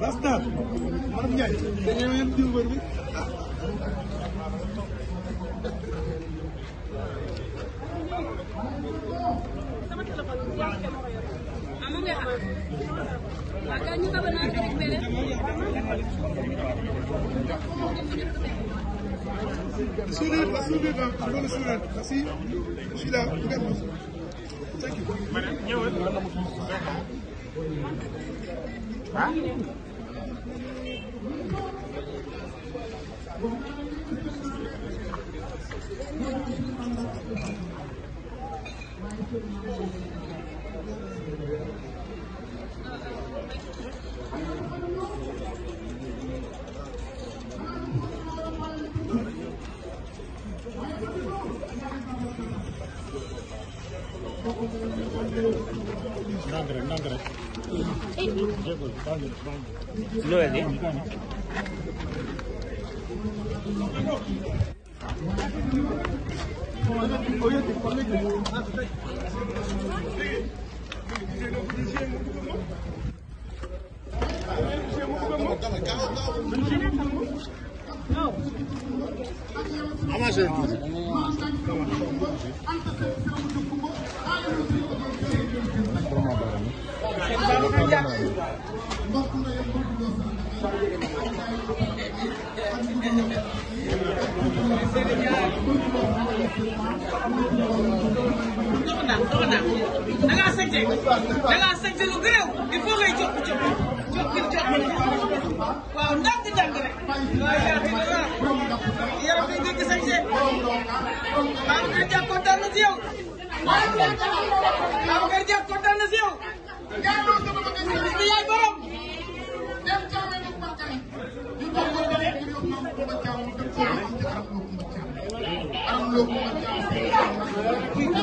Basta. Madame Ndiaye dañoo yem diw mbër bi sourire la sourire la loolu sourire la si si la nga mos a. ah. Nang rek nang rek Ama şey. Tamam. naam soxnaam da ngaa sànce da ngaa sànce lu gërëw il faut ngay coppi coppi coppi coppi waaw ndànk ndànk rek waaye yaram bi nga yaram bi nga gis sànce maam Kër Dia kontaan na si yow maam Kër Dia kontaan na si yow bi yaay borom Thank you.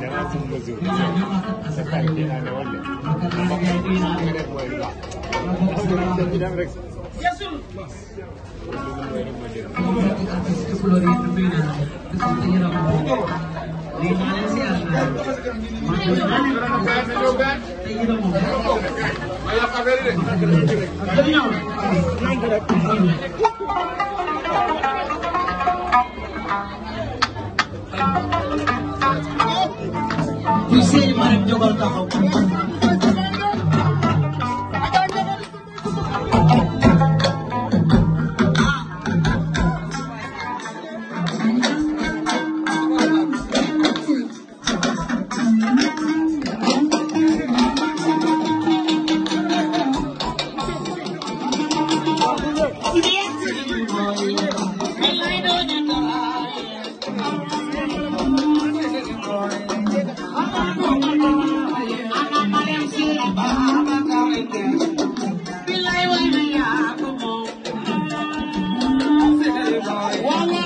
da na san ba zai wuce ta ke na da wannan amma kai ni na ga da boy ba wannan da gidan rex yesul Thank you. rek jógal taxaw Wala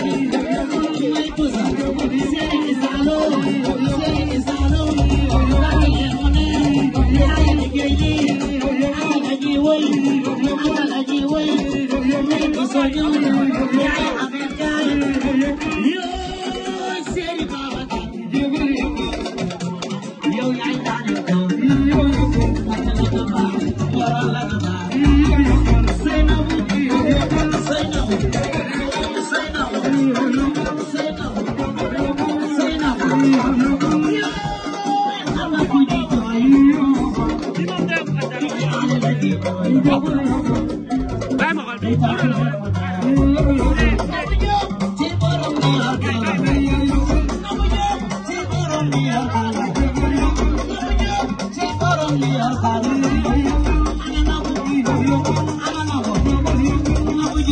Yeah.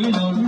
Thank you.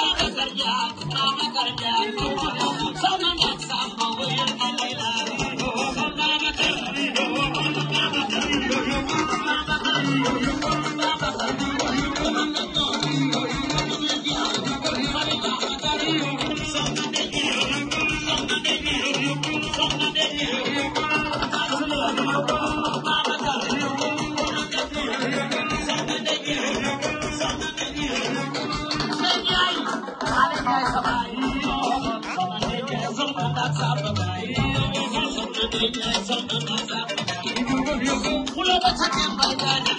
Thank you.